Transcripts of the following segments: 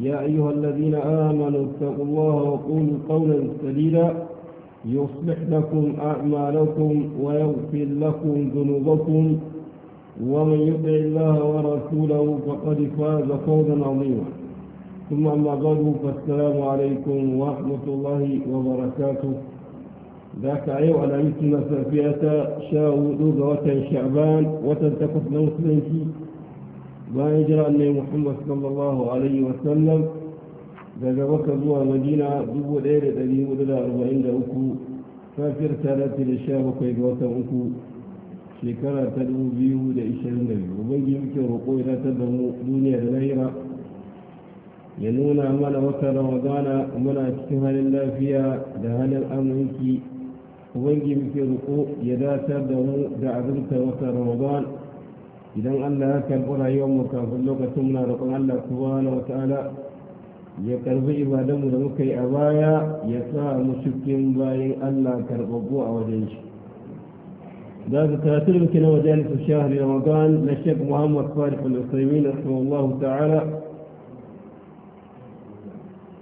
يا أيها الذين آمنوا اتقوا الله وقولوا قولا سديدا يصلح لكم أعمالكم ويغفر لكم ذنوبكم ومن يطع الله ورسوله فقد فاز فوزا عظيما ثم أما بعد فالسلام عليكم ورحمة الله وبركاته ذاك أيوة على يمكن مسافية شاو دوغة شعبان وتنتقص نوسلين فيه ما يجرى أن محمد صلى الله عليه وسلم ذا وكذوا مدينة دبو دير دليم دل أربعين دوكو فافر تالت الشام كيف وتمكو شكرا تدعو بيه لإشاء النبي وبيجي بكي رقوه لا تدعو دنيا دنيرا ينون أمان وكرا وغانا ومن أكتها لله فيها دهان الأمنكي وبيجي بكي رقوه يدا تدعو دعبنت وكرا وغانا idan Allah ya karɓi mu kafin lokacin muna roƙon Allah subhanahu wata'ala ya karɓi ibadanmu da muka yi a baya ya sa mu cikin bayan Allah karɓaggo a wajen shi da su tattalin rikin na wajen su sha hari ramadan na sheik muhammad farid al-usaimi na ta'ala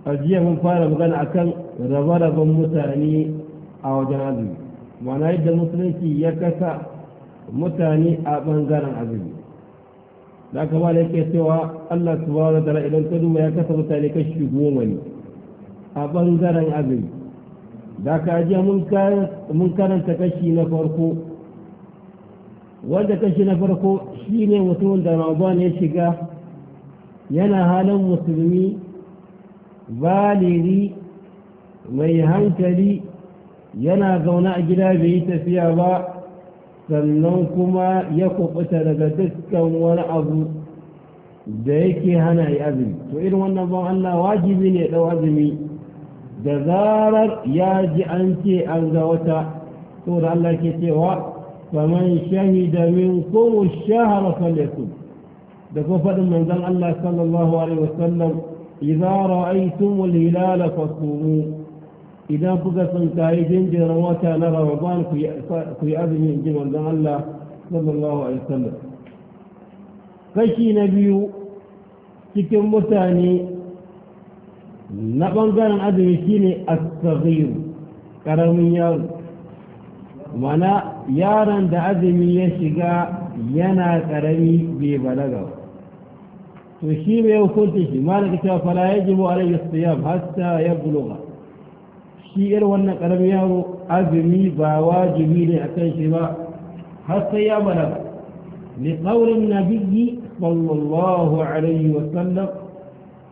a jiya mun fara magana akan rabe-raben mutane a wajen azumi ma'ana yadda musulunci ya kasa mutane a ɓangaren azumi da aka ba da yake cewa Allah ba da tara idan ka duma ya kasa mutane kashi goma ne a ɓangaren azumi da aka ajiya mun karanta kashi na farko wanda kashi na farko shi ne mutumin da ramadan ya shiga yana halin musulmi baliri mai hankali yana zaune a gida bai yi tafiya ba sannan kuma ya kubuta daga dukkan wani abu da yake hana yi azumi to irin wannan ban Allah wajibi ne ɗau azumi da zarar ya ji an ce an ga wata to da Allah ke cewa faman shahida min kuma shahara falyakun da kuma faɗin manzon Allah sallallahu alaihi wasallam idza ra'aytum al-hilala fasumu إذا فقط من تايدين جرواتا نرى رضان في أذن جمال الله صلى الله عليه وسلم قيشي نبيو تكم بساني نقل كان أذن شيني الصغير كرمي يال ولا يارا دعذن يشقى ينا كرمي ببلغة تشيب يوكوتش مالك شاف لا يجب عليه الصيام حتى يبلغه shi irin wannan ƙaramin yaro azumi ba wajibi ne a kan shi ba har sai ya balaga لقول النبي صلى الله عليه وسلم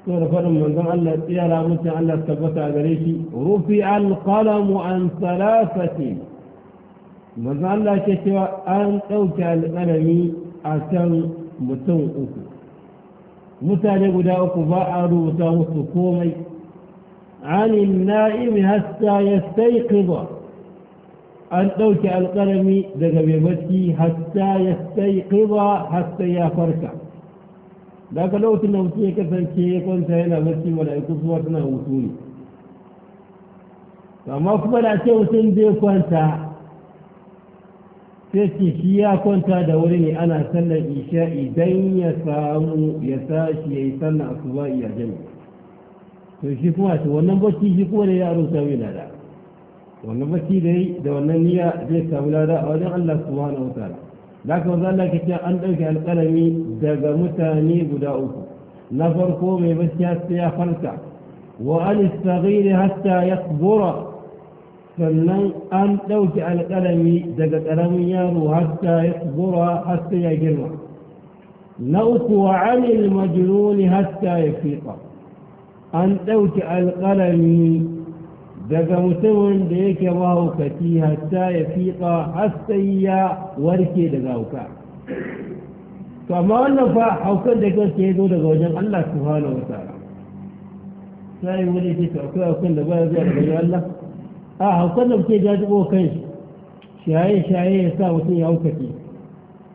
سورة فرم من ذن الله يا متى الله ثبت عليه رفع القلم عن ثلاثة من ذن الله كتوى أن توكى القلم أتم متن أكو متى لقدا أكو باع روتا وسكومي عن النائم حتى يستيقظ أن دوك القلم دقى بمسكي حتى يستيقظ حتى يفرك ذاك لوت النوتية كثير كي يكون سهلا مسكي ولا يكون صورتنا وصولي فما أفضل أتيه سندي كونتا sai shi ya kwanta أنا wuri ne ana sallar isha'i don ya samu ya tashi ya yi sallar asuba ya jami'a to shi kuma to wannan bacci shi kuma da yaro sami lada wannan bacci da yi da wannan niyya zai sami lada a wajen Allah subhanahu wa ta'ala da ka wanzu Allah kace an ɗauke alƙalami daga mutane guda uku na farko mai bacci sai ya farka wa an istaghiri hatta yakbura sannan an ɗauke alƙalami daga ƙaramin yaro hatta ya tsibura hatta ya girma na uku wa anil majnuni hatta ya fiƙa an ɗauki alƙalami daga mutumin da yake mahaukaci hatta ya fiƙa har sai ya warke daga hauka kama wannan fa haukar da kansa ya zo daga wajen Allah subhanahu wa ta'ala sai wani ce to akwai haukar da ba zuwa daga wajen Allah a haukar da muke jajibo kan shi shaye shaye ya sa mutum ya haukace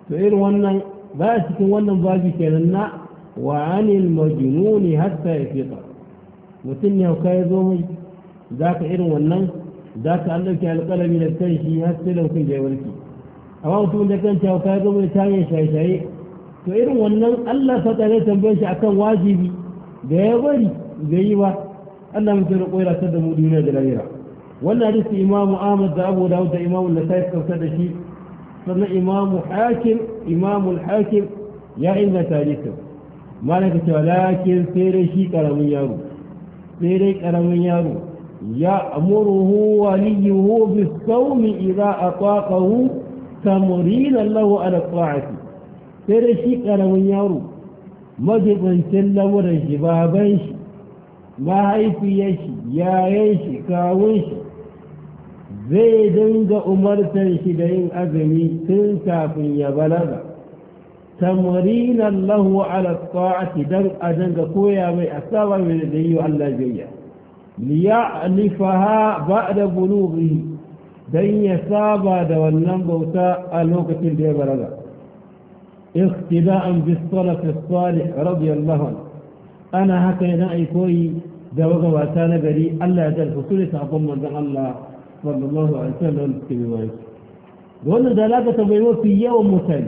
to irin wannan ba cikin wannan babu kenan na wa anil majnuni hatta ya fiƙa mutum ne hauka ya zo mai za ka irin wannan za ka an ɗauki alƙalami da kan shi har sai laukin da ya warke amma mutum da kan cewa ka zo mai tayin shaye-shaye to irin wannan Allah ta tsare tambayar shi akan wajibi da ya bari bai yi ba Allah mutum da koyar ta da mu duniya da lahira wannan hadisi imamu Ahmad da Abu Dawud da imamu Nasa'i kauta da shi sannan imamu Hakim imamu Hakim ya inganta hadisin malaka cewa lakin sai dai shi karamin yaro sai dai karamin yaro ya amuruhu waliyuhu bis sawmi idza ataqahu tamrinan lahu ala ta'ati sai dai shi karamin yaro majibancin lamuran shi baban shi mahaifiyar shi yayan shi kawun shi zai dinga umartar shi da yin azumi tun kafin ya balaga تمرينا له على الطاعة دم أدنك كويا من أسابة من الدين جيا ليعنفها بعد بلوغه دن يسابة دولنا بوتاء الوقت اللي برغا اختباء بالصلف الصالح رضي الله عنه أنا هكذا كوي دوغا واتانا بري الله يدل فصولي تعظم من الله صلى الله عليه وسلم كبير ويسر دولنا دلالة بيوفي يوم مسلم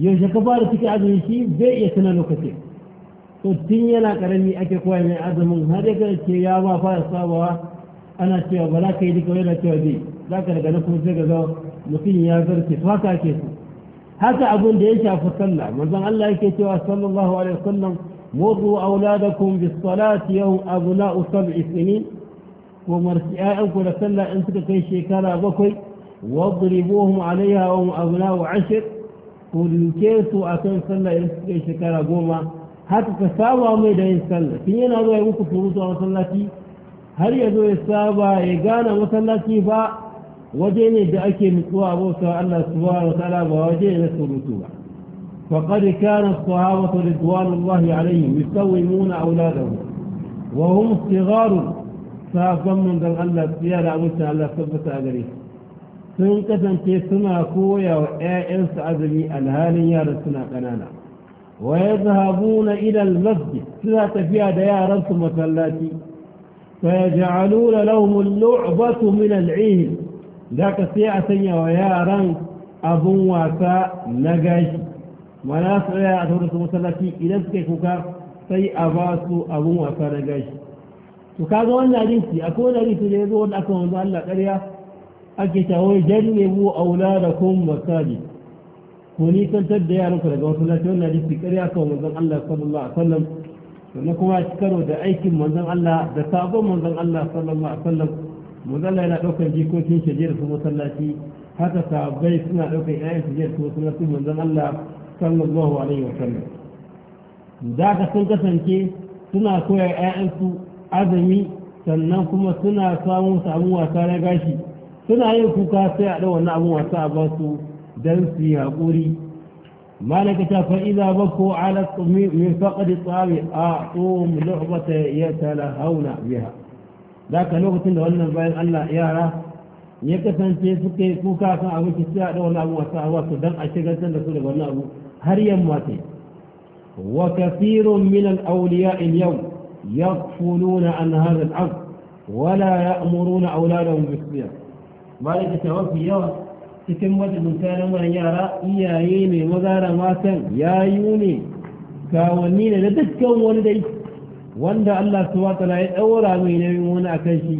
yaushe ka fara cika azumi shi zai iya tuna lokacin to tun yana karami ake koya mai azumin har ya ce ya ba fara sabawa ana cewa ba za ka yi duka yana cewa zai za ka daga na kuma sai ga zo mutum ya zarce to haka ake so haka abin da ya shafi sallah manzon Allah yake cewa sallallahu alaihi wasallam wudu auladakum bis salati yawm abna'u sab'i sinin ko marci ayyanku da sallah in suka kai shekara bakwai wadribuhum alaiha wa abna'u ashr ku duke su a kan sallah idan suka yi shekara goma haka ka saba mai da yin sallah tun yana zuwa ya muku surutu a masallaci har ya zo ya saba ya gane masallaci ba waje ne da ake nutsuwa bauta Allah subhanahu wa ta'ala ba waje ne na surutu ba فقد كان الصحابة رضوان الله عليهم يسومون أولادهم وهم صغار فأقمن ذن الله سيادة أمسنا الله ثبت أجريه sun kasance suna koya wa 'ya'yansu azumi alhalin yara suna ƙanana wa ya zahabu na idan masjid suna tafiya da yaransu masallaci fa ya ja'alu da lahumun lu'batu min al'ihim da ka sai a sanya wa yaran abun wasa na gashi mana su tsaya a su masallaci idan suka kuka sai a ba su abun wasa na gashi to kaga wannan hadisi akwai wani hadisi da ya zo wanda aka wanzu Allah ƙarya ake tawo jannibu auladakum wasali ko ni tantar da yaran ku daga wasu lati wannan hadisi ƙarya kan manzon Allah sallallahu alaihi wasallam sannan kuma a karo da aikin manzon Allah da sabon manzon Allah sallallahu alaihi wasallam manzon Allah yana daukar jikokin shi jira su masallaci haka sahabbai suna daukar ɗaukar su jira su masallaci manzon Allah sallallahu alaihi wasallam da ka sun kasance suna koya ƴaƴansu azumi sannan kuma suna samun samuwa tare gashi suna yin kuka sai a ɗau wannan abin wasu a ba su don su yi haƙuri malaka ta fa'iza ba ko ala min faƙaɗi tsari a tsohon lu'ubata ya tala hauna biya da ka lokacin da wannan bayan allah yara ya kasance suka yi kuka kan abinci sai a ɗau wannan abin wasu a ba su don a shigar da su daga wannan abu har yamma ta yi وكثير من الأولياء اليوم يغفلون عن هذا الأمر ولا يأمرون أولادهم بالصيام bayan da cewa fi yawa cikin wata misalin wani yara iyaye ne maza da matan yayu ne kawanni ne da dukkan wani dai wanda Allah su wata ya ɗaura mai nauyin wani a kan shi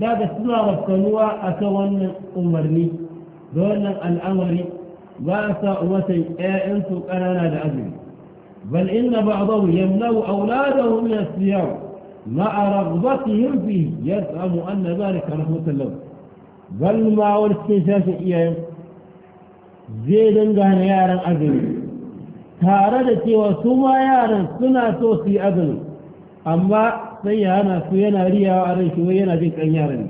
daga suna rafkanuwa a kan wannan umarni da wannan al'amari ba a sa umatan ‘ya'yansu ƙanana da azumi bal inna ba'dahu yamna'u awladahum min as-siyam ma'a raghbatihim fihi yaz'amu anna dhalika rahmatan lahum galmawar cikin shashin iyayen zai dinga na yaran azumi tare da cewa su ma yaran suna so su yi azumi amma sai ya hana su yana riyawa a ran shi wai yana jin kan yaran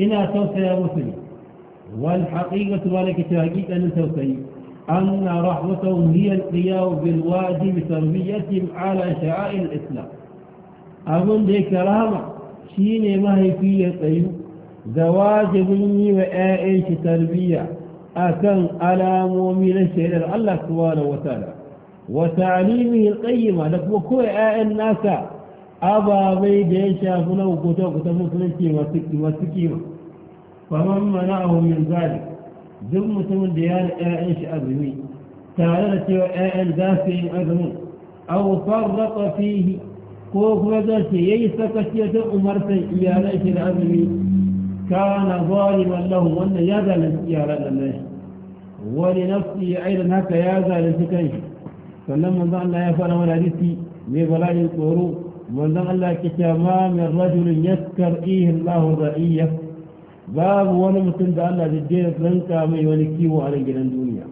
ina tausaya musu ne wal haqiqatu malaka ta haqiqanin tausayi أن رحمتهم هي القيام بالواجب تربيتهم على شعائر الإسلام أظن ذيك رحمة شيني ما هي فيه طيب da wajibin yi wa 'ya'yan shi tarbiyya akan alamomi na shaidar Allah subhanahu wataala wa ta'limihi al-qayyima da kuma koyi 'ya'yan nasa ababai da ya shafi na hukuta hukuta musulunci masu kima faman mana a homin zali duk mutumin da ya da 'ya'yan shi azumi tare da cewa 'ya'yan za su yi azumin abu farraƙa fihi ko kuma za su yayi sakaci ta umarsan iyalan shi da azumi كان ظالما له وأن يذا لسيارة الله ولنفسه أيضا هكا يذا لسكيه فلما ظن الله يفعل ولا رسي لبلاء القروب من ظن الله كتاما من رجل يذكر إيه الله الرئية باب ونمتن ده للدين فلنكا من ونكيه على جنان الدنيا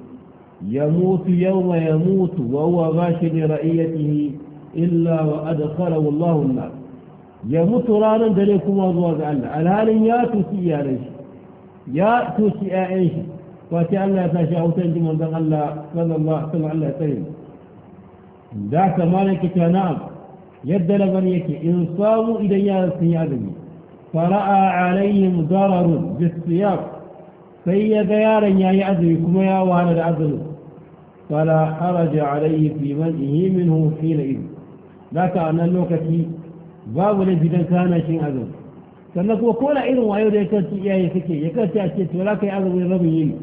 يموت يوم يموت وهو باشر لرئيته إلا وأدخله الله النار ya mutu ranar dare kuma zuwa ga Allah alhalin ya tusi iyalan shi ya tusi ƴaƴan shi kwace Allah ya sashi a wutan ji manzon Allah sallallahu alaihi wasallam Allah ya tsare da ka malaka ta na'am yadda labar yake in samu idan yaran sun yi azumi fara'a alaihim dararun bisiyab sai ya ga yaron ya yi azumi kuma ya wahala da azumi fala haraja alaihi fi man'ihi minhu hina idin ذاك أن اللوكتي babu ne bidan kana shin azumi sannan kuma ko na irin wayo da ya kanci iyaye suke ya kanci a ce to la ka yi azumi rabin yini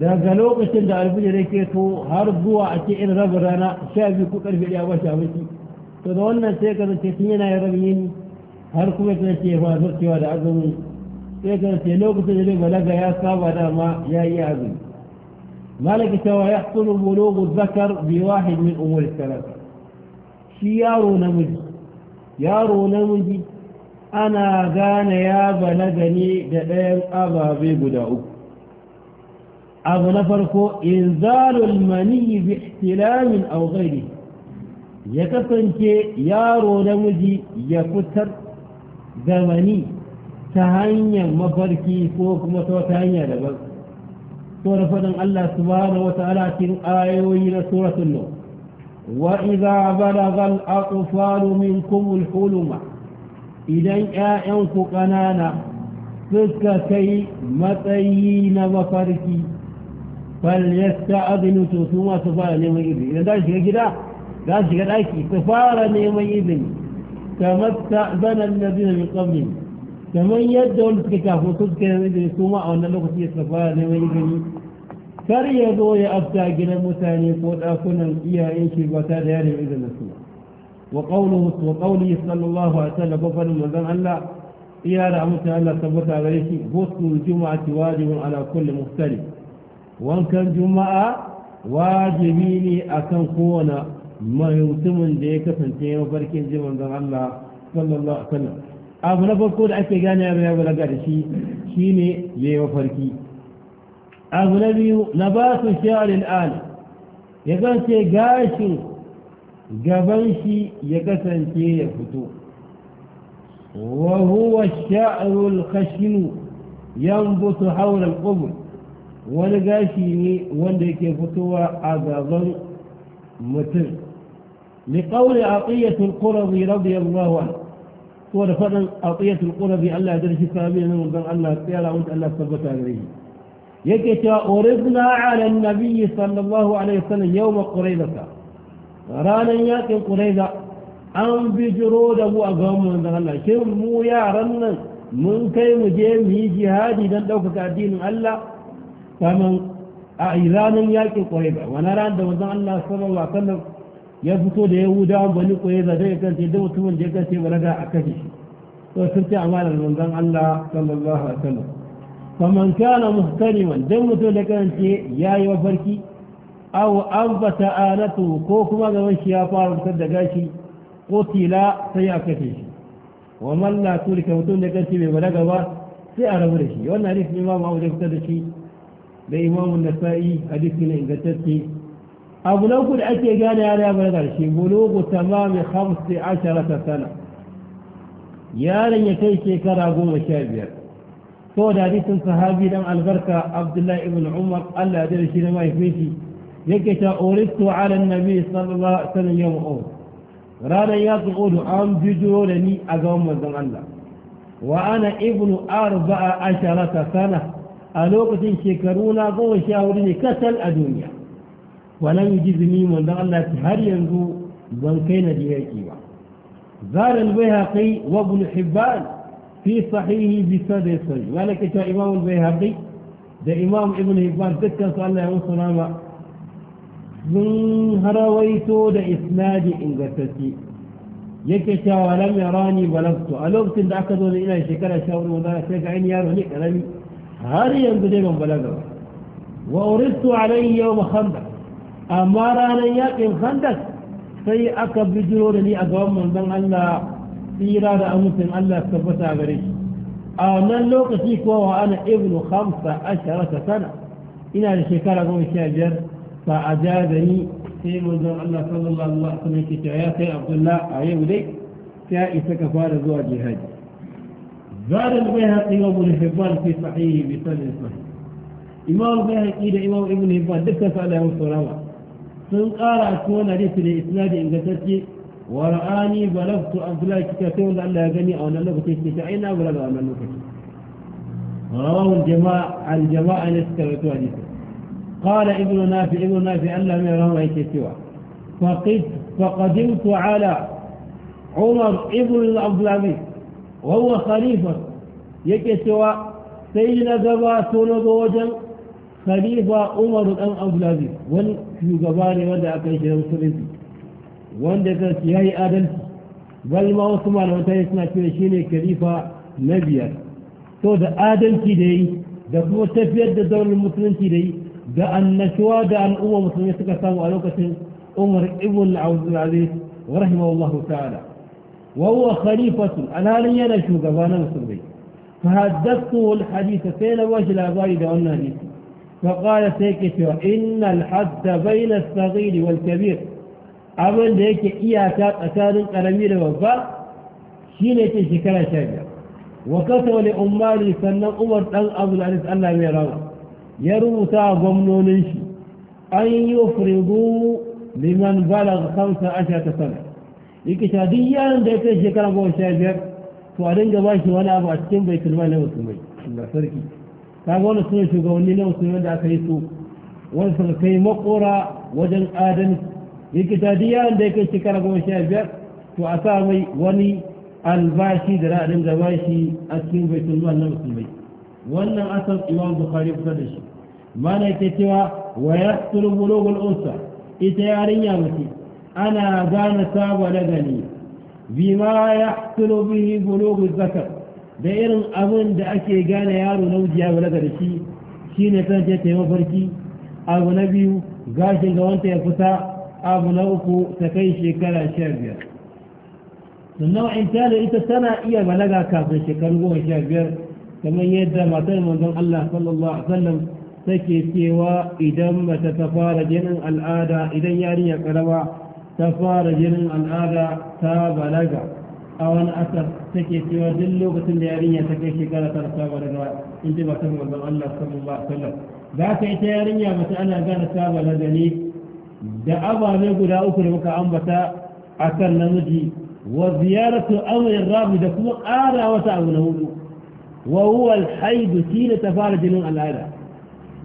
daga lokacin da alfijir yake to har zuwa a ce irin rabin rana sha biyu ko karfe ɗaya ba shi abinci to da wannan sai ka zace tun yana yin rabin yini har kuma ka ce ba cewa da azumi sai ka zace lokacin da zai balaga ya saba dama ya yi azumi مالك سوى يحصل بلوغ الذكر بواحد من أمور الثلاثة شيار نمجي yaro namiji ana gane ya balaga ne da ɗayan ababe guda uku abu na farko inzalul mani bi ihtilamin aw ghairi ya kasance yaro namiji ya fitar da mani ta hanyar mafarki ko kuma ta hanya daban to da faɗin Allah subhanahu wa ta'ala cikin ayoyi na suratul nur وإذا بلغ الأطفال منكم الحلم إذن آئنك قنانا فسك فسكتي متين وفركي فليستأذن ثم تفار نيمي إذن إذا داشت كده داشت كده أيكي تفار نيمي إذن كما استأذن الذين من قبل كما يدعون فسكتي فسكتي إذن ثم أو أن لغتي نيمي إذن kar ya zo ya afta gidan mutane ko ɗakunan iyayen shi ba ta da yare izinin su wa qawluhu wa qawli sallallahu alaihi wasallam ba fadin manzon Allah iya da amince Allah tabbata gare shi ghusl jumu'ati wajibun ala kulli muhtalif wankan juma'a wajibi ne akan kowane mutumin da ya kasance ya farkin ji manzon Allah sallallahu alaihi wasallam abu na farko da ake gane ya balaga da shi shine yayi mafarki أغلبي نبات الشعر الآن يقنسي قاشي قبلشي قبنشي يقسنسي يفتو وهو الشعر الخشن ينبط حول القبر ونقاشيني وانك هذا ظل متر لقول عطية القرضي رضي الله عنه ورفضا عطية القرضي ألا درشي فامين ونقل ألا تيالا وانت ألا تثبت عليه يكتا أردنا على النبي صلى الله عليه وسلم يوم قريبة رانا ياكل قريبة أم بجرود أبو أقام من ذلك الله كم مو يا رنا من كيم جيم هي جهادي دان دوك تعدين الله فمن أعيذانا ياكل قريبة ونرى أن دوزان الله صلى الله عليه وسلم يفتو ليهودا بني قريبة ديكا تدو تمن ديكا تبرقا أكاديش وسلطة أعمال من ذلك الله صلى الله عليه وسلم فمن كان مهتنما دمت لك أنت يا يوفركي أو أنبت آلته كوكما غمشي يا فارم صدقاشي قتلا سيأكتشي ومن لا تلك متون لك أنت ببلغ سيأرم لشي وأن حديث الإمام أو لفتدشي لإمام النسائي حديث من إنجتتي أبو لوك الأشياء قال يا بلغ لشي بلوغ تمام خمس عشرة سنة يا لن يكي شكرا شابير كودا دي سن دم الغركة عبد الله ابن عمر ألا دير شينا ما يفيشي يكتا أوريستو على النبي صلى الله عليه وسلم يوم أول رانا يطغل عام جدولني أقوم وزن الله وأنا ابن أربع عشرة سنة ألوقت شكرونا قوة شاوريني كسل الدنيا ولم يجزني من ذا الله تهر ينزو زنكين ديها كيوا زار البيهقي وابن حبان في صحيح بسند صحيح مالك إتا إمام البيهقي ده إمام ابن هبان ذكر صلى الله عليه وسلم من هرويته ده إسناد إنجتتي yake cewa lam yarani balagtu a lokacin da aka zo da ina shekara sha hudu wanda sai ga ainihin yaro ne karami har yanzu dai ban balaga ba wa uristu alayhi yawm khandaq amma ranar yaƙin khandaq sai aka bijiro da ni a gaban manzon Allah tsira da amincin Allah tabbata gare shi a wannan lokaci kuwa wa ana ibnu khamsa ashara sana ina da shekara goma sha biyar fa ajazani sai manzon Allah sallallahu alaihi wasallam ke cewa ya kai Abdullah a yau dai ta isa ka fara zuwa jihadi زاد البيهقي وابن حبان في صحيح بسند صحيح إمام البيهقي ده إمام ابن حبان دكت عليه الصلاة sun ƙara a cikin wani hadisi da isnadi ingantacce ورآني بلغت أفلاك كتابين لأن الله يغني أو أن الله تشتعين بلغ أو أن الله رواه الجماعة الجماعة نستويتوا حديثا قال ابن نافع ابن نافع أن لم يرهم أي سوى فقد فقدمت على عمر ابن الأبلابي وهو خليفة يكي سوى سيدنا قبا سنو بوجل خليفة عمر الأبلابي والكي قباني ودع كيش المسلمين wanda ce ya yi adalci bal ma wasu malamai suna cewa ne kalifa na biyar to da adalci da yi da kuma tafiyar da zaunin musulunci da yi da annashuwa da al'umma musulmi suka samu a lokacin umar ibn abdulaziz wa rahimahullahu ta'ala وهو خليفة الآن ينا شوقبانا مسلمين فحدثته الحديث سينا وجل بايد والنهديث فقال سيكتوا إن الحد بين الصغير والكبير abin da yake iyaka tsakanin karami da babba shine ke shekara sha biyar wa kasa wani umari sannan umar dan abdul aziz allah mai rawa ya rubuta a gwamnonin shi an yi firigu liman balag kamsa asha ta sana yake sha duk yaron da ya kai shekara goma sha biyar to a dinga ba shi wani abu a cikin bai tulma na musulmai na sarki kaga wani suna shugabanni na musulmai da aka yi su wani suka kai makora wajen adalci miqdaadiya wanda ya kai shekara goma sha biyar to a sa mai wani albashi da ra'adin da bashi a cikin baitul mal na musulmai wannan asal imam bukhari kusa da shi mana ke cewa wa yasturu bulugul unsa ita yarinya mace ana gane sabo na gani bima yahsulu bihi bulugul zakar da irin abin da ake gane yaro namiji ya balaga da shi shine kan ta yi mafarki abu na biyu gashin ga wanta ya kusa abu na uku ta kai shekara sha biyar sannan wa'inta da ita tana iya balaga kafin shekaru goma sha biyar kamar yadda matar manzon Allah sallallahu alaihi wasallam take cewa idan mace ta fara jinin al'ada idan yarinya karama ta fara jinin al'ada ta balaga a wani asar take cewa duk lokacin da yarinya ta kai shekara ta ta balaga in ji matar manzon Allah sallallahu alaihi wasallam za ka ita yarinya mace ana gane ta balaga ne da ababe guda uku da muka ambata a kan namiji wa ziyaratu amrin rabi da kuma ƙara wata abu na hudu wa huwa alhaidu shi da ta fara jinin al'ada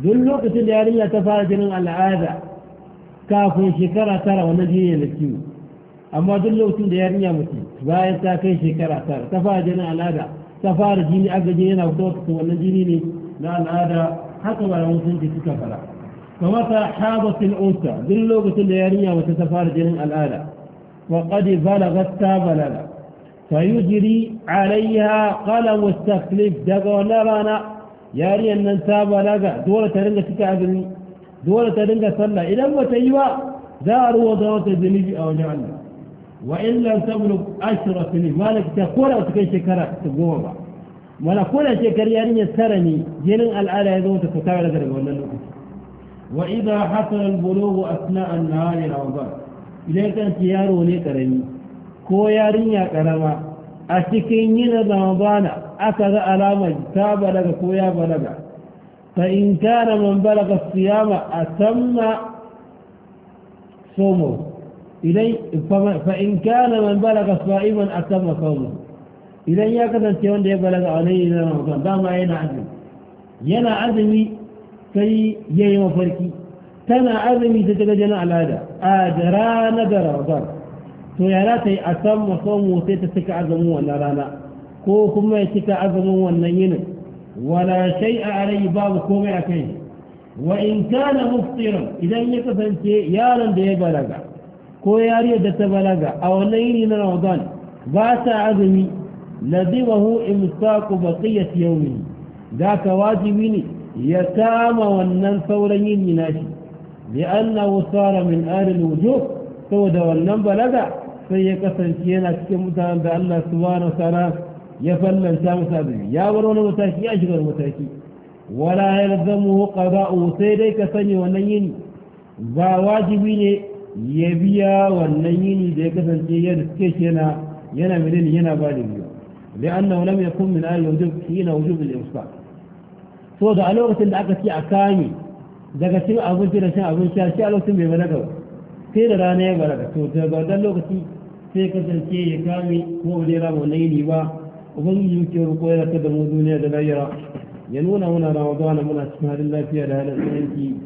duk lokacin da yarinya ta fara jinin al'ada kafin shekara tara wannan jini ne ciwo amma duk lokacin da yarinya mutu bayan ta kai shekara tara ta fara jinin al'ada ta fara jini agaje yana fito wannan jini ne na al'ada haka ba sun ce suka fara فمتى حاضت الأنثى باللغة الليالية وتتفارج الآلة وقد بلغت بلغ فيجري عليها قلم التكليف دقونا لنا ياري أن ننتاب لك دولة رنجة تكعبني دولة رنجة صلى إلى متيوى دار وضعت الذنب أو جعلنا وإن لم تبلغ عشر سنين مالك تقول أو تكي شكرا تقوم ولا كل شكر ياري يسرني جنن الآلة يدون تكتاب لك رنجة وإذا حصل البلوغ أثناء النهار رمضان إذا كان ياره نكرمي كو يارين يا كرما أتكينين رمضان أكذا ألاما تاب لك كو يا بلغ فإن كان من بلغ الصيام أتم صومه إلي فإن كان من بلغ صائما أتم صومه إذا يا كذا تيون دي بلغ عليه رمضان دام أين عزم ينا عزمي sai yayi mafarki tana azumi ta daga jana al'ada a da rana da rabar to yara ta yi a san musamman sai ta cika azumin wannan rana ko kuma ya cika azumin wannan yinin wala shai a arai babu komai a kai wa in kana muftiran idan ya kasance yaron da ya balaga ko yariyar da ta balaga a wannan yini na ramadan ba ta azumi lazimahu imsaku baqiyat yawmi da ka wajibi ne ya kama wannan sauran yini nashi li'annahu sara min alil wujub saboda wannan balaga sai ya kasance yana cikin mutanen da Allah subhanahu wa ta'ala ya fallanta ta azumi ya bar wani mataki ya shiga mataki wala yalzamuhu qada'u sai dai ka sani wannan yini ba wajibi ne ya biya wannan yini da ya kasance ya suke shi yana yana menene yana ba da biyu li'annahu mai kun min alil wujub hina wujub al-ifsal so da a lokacin da aka ce a kame daga cin abinci da cin abinci a cikin a lokacin bai balaga sai da rana ya balaga to da wannan lokaci sai kasance ya kame ko ba zai rama wannan yini ba yi yi roƙo ya ta da mu duniya da lahira ya nuna muna ramadana muna cikin halin lafiya da halin tsananci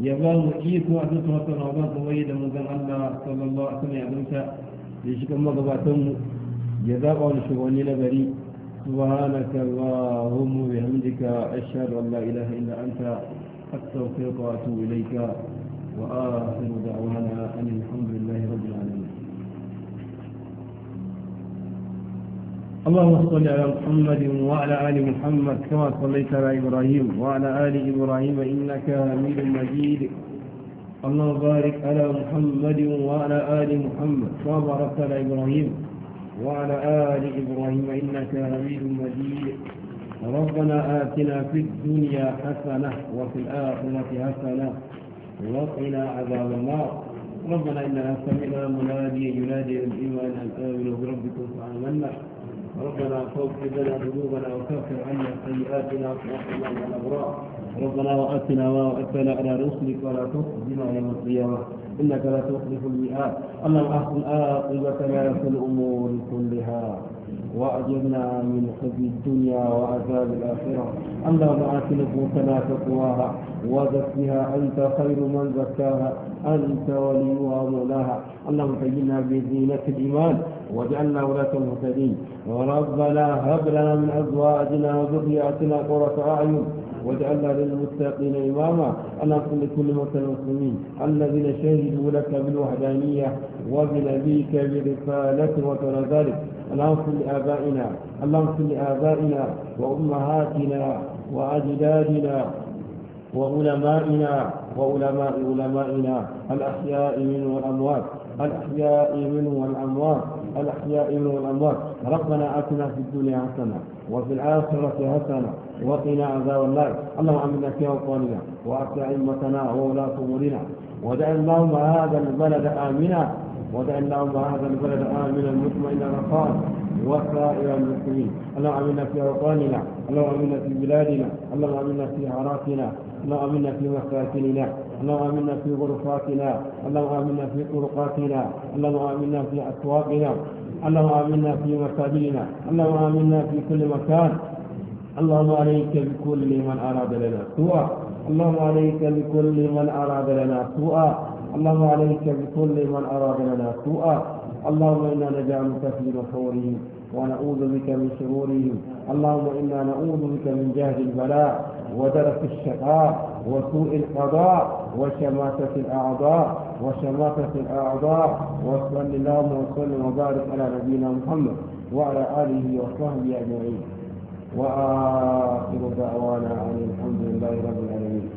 ya ba mu iko a duk wata ramadan kuma yi da zan Allah sallallahu alaihi wasallam ya gamsa ya shiga magabatan mu ya zaba wani shugabanni na gari سبحانك اللهم وبحمدك أشهد أن لا إله إلا أنت أستغفرك وأتوب إليك وآخر دعوانا أن الحمد لله رب العالمين اللهم صل على محمد وعلى آل محمد كما صليت على إبراهيم وعلى آل إبراهيم إنك حميد مجيد اللهم بارك على محمد وعلى آل محمد كما باركت على إبراهيم وعلى آل إبراهيم إنك حميد مجيد ربنا آتنا في الدنيا حسنة وفي الآخرة حسنة وقنا عذاب النار ربنا إننا سمعنا مناديا ينادي الإيمان أن آمنوا بربكم فآمنا ربنا فاغفر لنا ذنوبنا وكفر عنا سيئاتنا وتوفنا مع الأبرار ربنا وآتنا ما وآتنا على رسلك ولا تخزنا يوم القيامة إنك لا تخلف المئات اللهم أحسن عاقبتنا في الأمور كلها وأجرنا من خزي الدنيا وعذاب الآخرة اللهم آت نفوسنا تقواها وزكها أنت خير من زكاها أنت وليها ومولاها اللهم زينا بزينة الإيمان واجعلنا ولاة المهتدين وربنا هب لنا من أزواجنا وذرياتنا قرة أعين واجعلنا للمتقين إماما اللهم لكل موتى المسلمين الذين شهدوا لك بالوحدانية وبنبيك برسالة وترى ذلك اللهم صل لآبائنا اللهم صل لآبائنا وأمهاتنا وأجدادنا وعلمائنا وعلماء علمائنا الأحياء منهم والأموات الأحياء منهم والأموات الأحياء والأموات ربنا آتنا في الدنيا حسنة وفي الآخرة حسنة وقنا عذاب النار اللهم آمنا في أوطاننا وأصلح أئمتنا وولاة أمورنا ودع اللهم هذا البلد آمنا ودع اللهم هذا البلد آمنا مطمئنا رخاء وسائر المسلمين اللهم آمنا في أوطاننا اللهم آمنا في بلادنا اللهم آمنا في عراقنا اللهم امنا في مساكننا اللهم امنا في غرفاتنا اللهم امنا في طرقاتنا اللهم امنا في اسواقنا اللهم امنا في مساجدنا اللهم امنا في كل مكان اللهم عليك بكل من اراد لنا سوءا اللهم عليك بكل من اراد لنا سوءا اللهم عليك بكل من اراد لنا سوءا اللهم انا نجعلك في نحورهم ونعوذ بك من شرورهم اللهم انا نعوذ بك من جهد البلاء ودرك الشقاء وسوء القضاء وشماتة الأعضاء وشماتة الأعضاء وصل اللهم وسلم وبارك على نبينا محمد وعلى آله وصحبه أجمعين وآخر دعوانا أن الحمد لله رب العالمين